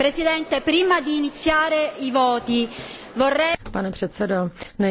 Presidente, prima di iniziare i voti, vorrei... Pane předsedo, než